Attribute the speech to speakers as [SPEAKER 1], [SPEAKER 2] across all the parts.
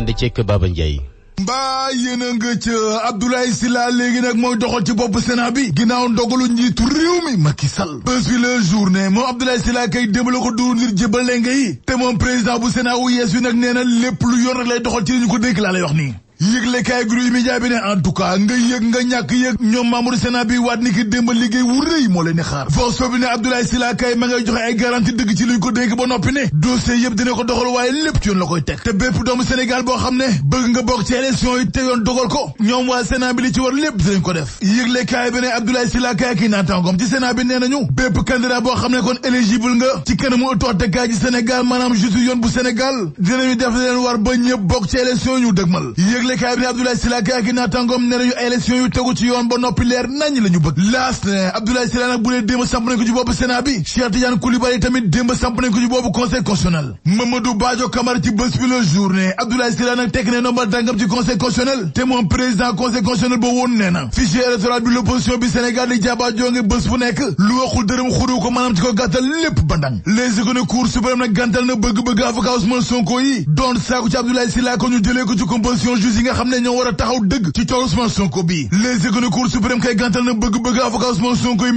[SPEAKER 1] ànd ceeg Baba Ndiaye mbaa yéen a nga ca Abdoulaye Sylla léegi nag mooy doxal ci bopp Sénat bi ginnaaw ndogalu njiitu réew mi ma Sall bés bi la journée moom Abdoulaye Sylla kay démbala ko duur ngir jébal nga yi te moom président bu Sénat wu yees wi nag nee na lépp lu yoon rek lay doxal ci li ñu ko dénk laa lay wax nii yëgle kaay bi ne en nga yëg nga ñàkk yëg ñoom membre sénat bi waat ni ki démb liggéey wu rëy moo leen di xaar force bi ne Abdoulaye Sylla kay ma ngay joxe ay garantie dëgg ci luñ ko dénk ba noppi ne dossier yëpp dina ko doxal waaye lépp ci yoon la koy teg te bépp doomu Sénégal boo xam ne bëgg nga bokk ci élection yi te yoon dogal ko ñoom waa sénat bi li ci war lépp dinañ ko def yëgle kaay bi ne Abdoulaye Sylla kay ki naataangoom ci sénat bi nee nañu bépp candidat boo xam ne kon éligible yoon bu Sénégal dinañu def leen ba ñëpp bokk ci élection yéene kaay bi ne Abdoulaye Sylla gaa gi naatàngoom ne nañu yu tegu ci yoon ba noppi leer nañ bëgg laas ne Abdoulaye Sylla nag bu dee démb samp nañ ko ci boppu Sénat bi tamit démb samp nañ ko ci boppu conseil constitutionnel Mamadou Badio ci bés bi le journée Abdoulaye Sylla nag tekk ne nombal dàngam ci conseil constitutionnel te moom président conseil ba woon nee na fichier électoral bi l'opposition bi Sénégal di jaaba ko maanaam yi nga a taxaw dëgg ci coow Ousmane Sonko bi les école cour suprême kay yoon ci mbir Ousmane Sonko yi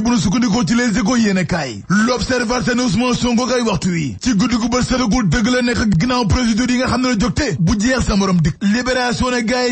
[SPEAKER 1] bu nu ci les écoles yéene kaay l'observateur ne Ousmane Sonko kay waxtu wi ci guddi gu ba sëtagul dëgg la nekk ginnaaw procédure yi nga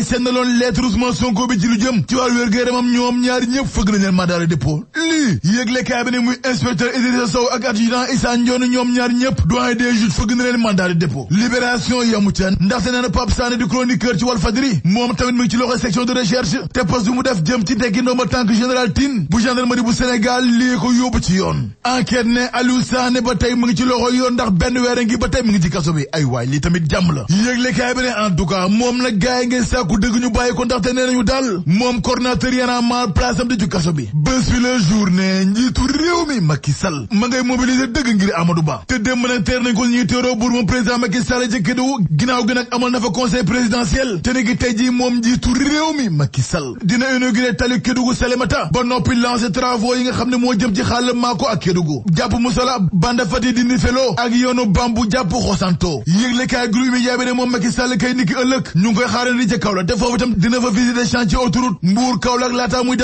[SPEAKER 1] xam ne loon lettre Ousmane Sonko bi ci lu jëm ci wàllu wér-gu-yaramam ñoom ñaari ñëpp fëgg nañu Ibrahima Daouda Dépôt lii yëglekaay bi ne muy inspecteur Idrissa Sow ak adjudant Issa Ndione ñoom ñaar ñëpp doyen des juges fëgg na leen mandat de dépôt libération yamu teen ndaxte nee na Pape di chroniqueur ci Walfadjri moom tamit mu ngi ci loxo section de recherche te poste bi mu def jëm ci tekki ndoom ba tànk général Tine bu gendarmerie bu Sénégal lii ko yóbbu ci yoon enquête ne Aliou Sané ba tey mu ngi ci loxo yoon ndax benn weer ngi ba tey mu ngi ci kaso bi ay waay lii tamit jàmm la yëglekaay bi ne en tout cas moom nag gaay ngay sàkku dëgg ñu bàyyi ko ndaxte nee nañu moom coordinateur yanaa ma place am kaso bi bi bés fi la journée njiitu réew mi Macky sal ma ngay mobiliser dëgg ngir Amadou Ba te démb nag teer nañ ñuy téeroo buur président Macky Sall ci Kédougou ginnaaw gi nag amal na fa conseil présidentiel te ni gi tey jii moom njiitu réew mi Macky Sall dina inauguré tali Kédougou Salémata ba noppi lancé travaux yi nga xam ne moo jëm ci xaal Maako ak Kédougou jàpp Moussala Banda Fati di Nifelo ak yoonu Bambou jàpp Xosanto yëglekaay groupe mi yaabi ne moom Macky Sall kay niki ëllëg ñu ngi koy xaarandi ca Kaolack te foofu itam dina fa visiter chantier autoroute Mbour Kaolack laataa muy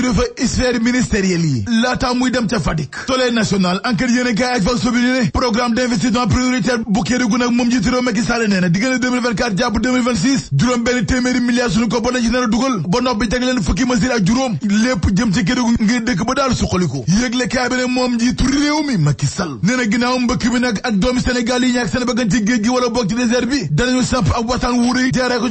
[SPEAKER 1] figure fa sphère ministérielle yi dem ca Fatick soleil national enquête yéen a kaay ak Vox Populi ne programme d'investissement prioritaire bu nag moom njiitu réew Macky Sall nee na milliards suñu ko bona ci nar a dugal jag leen fukki mesure ak juróom lépp jëm ci Kédougou ngir dëkk ba daal suqaliku yëgle kaay bi ne moom njiitu réew mi Macky Sall nee na ginnaaw mbëkk bi nag ak doomi Sénégal yi ñàkk ci géej gi wala boog ci désert bi danañu samp ab waxtaan wuure jaaree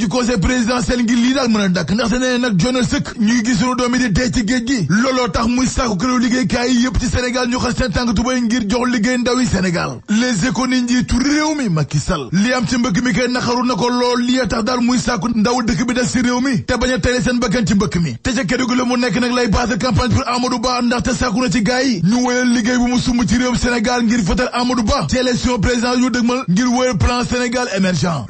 [SPEAKER 1] ci géej gi looloo tax muy sàkku këréw liggéeykaay yi yëpp ci Sénégal ñu xas seen tànk tubay ngir jox liggéey ndaw yi Sénégal les économies njiitu réew mi Macky Sall li am ci mbëkk mi kay naxaru na ko lool li tax daal muy sàkku ndaw dëkk bi des ci réew mi te bañ a tere seen bakkan ci mbëkk mi te ca Kédougou la mu nekk nag lay base campagne pour Amadou Ba ndaxte sàkku na ci gaay yi ñu wéyal liggéey bu mu sumb ci réewum Sénégal ngir fëtal Amadou Ba ci élection président yu dëgmal ngir wéyal plan Sénégal émergent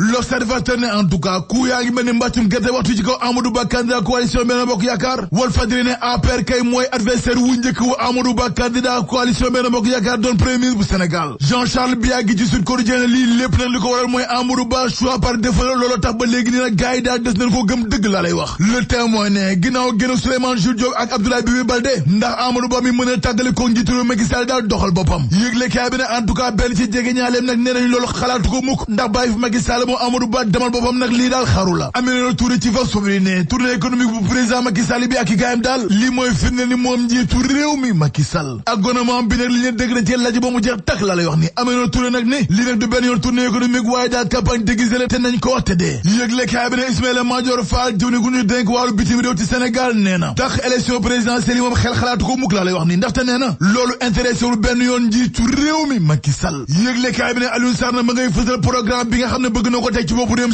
[SPEAKER 1] ngi mel ni mbàccum gerte ne APR kay mooy adversaire wu njëkk wu Amadou Ba candidat coalition Bokk Yaakaar doon premier bu Sénégal Jean Charles Biagui ci Sud Quotidien lii lépp nag li ko waral mooy Amadou choix par défaut looloo tax ba léegi nag gars daal des nañ ko gëm dëgg laa wax le témoin ne ginnaaw génn Souleymane Jules Diop ak Abdoulaye Bibi Baldé ndax Amadou mi mën a ko njiitu réew Macky Sall daal doxal boppam yëgle kaay bi ne en tout cas ci jege ñaaleem nag nee nañ Sall mooy firnde moom njiitu réew mi Macky Sall ak gouvernement li leen dégg na cee mu jeex tak la lay ni Aminata Touré ni lii nag du benn yoon tournée économique waaye daal campagne déguisée la te te dee yëgle kaay bi ne Ismaïla Madior Fall jëw ni gu ñu dénk wàllu bitim réew ci Sénégal nee na yoon njiitu réew mi Macky Sall yëgle kaay bi ne ma ngay fësal programme bi xam ne bëgg na ko teg ci boppu réewum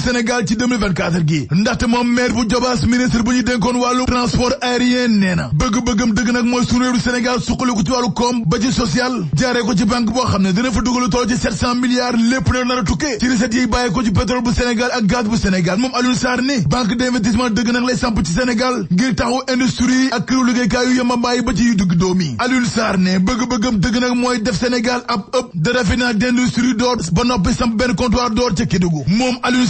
[SPEAKER 1] tribune nee na bëgg-bëggam dëgg nag mooy sunu réewu Sénégal suqaliku ci wàllu koom ba ci social jaaree ko ci banque boo xam ne dina fa dugalu tool ci 700 milliards lépp na nar a tukkee ci recette yi bàyyi ko ci pétrole bu Sénégal ak gaz bu Sénégal moom Alioune Sarr ni banque d'investissement dëgg Sénégal ngir taxaw industrie ak këru liggéeykaay yu yemba mbaay ba ci yu dugg doom yi Alioune ne bëgg-bëggam mooy def Sénégal ab ëpp de raffinage d'industrie d'or ba noppi samp benn comptoir d'or ca Kédougou moom Alioune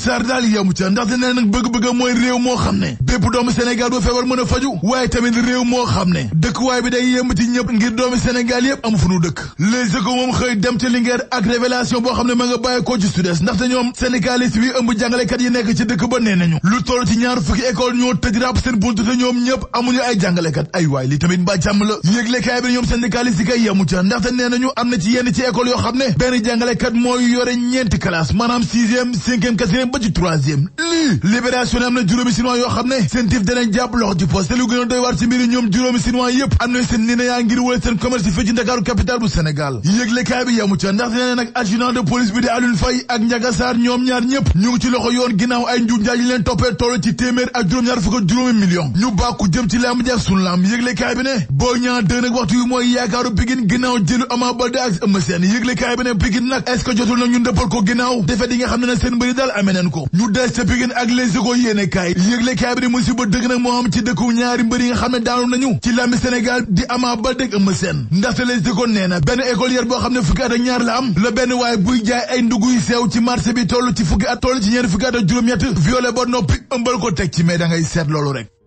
[SPEAKER 1] di réew moo xam ne dëkkuwaay bi day yemb ci ñëpp ngir doomi Sénégal yëpp amu fu nu dëkk Les Échos moom xëy dem ca Linguère ak révélation boo xam ne ma nga bàyyi koo ci Sud-Est ndaxte ñoom syndicaliste bi ëmb jàngalekat yi nekk ci dëkk ba nee nañu lu toll ci ñaar fukki école ñoo tëj ràpp seen bunt te ñoom ñëpp amuñu ay jàngalekat ay waay li tamit mbaa jàmm la yëglekaay bi ñoom syndicaliste yi kay yemu ca ndaxte nee nañu am na ci yenn ci ci mbiri ñoom juróomi sinwaa yëpp am na seen ni yaa ngir wala seen commerce yi Ndakaaru capital bu Sénégal yëglekaay bi yamu ca ndax nee na nag police bi di Alioune Faye ak Ndiaga ñoom ñaar ñëpp ñu ci loxo yoon ginnaaw ay njuuj njaaj yi leen toppee toll ci téeméer ak juróom-ñaar fukk ak juróomi million ñu bàkku jëm ci lamb ji ak sunu lamb bi ne Boy Niang 2 nag waxtu yu mooy yaakaaru Pikine ginnaaw jëlu Ama Baldé ak ak les écoles ne daanu nañu ci làmbi Sénégal di amaa ba ak Eumeu Sène ndaxte les dikoon nee na benn écolière boo xam ne fukki at ak ñaar la am la benn waaye buy jaay ay ndugg seew ci marché bi toll ci fukki at toll ci ñeent fukki at ak juróom-ñett violé ba noppi ëmbal ko teg ci mais da ngay seet loolu rek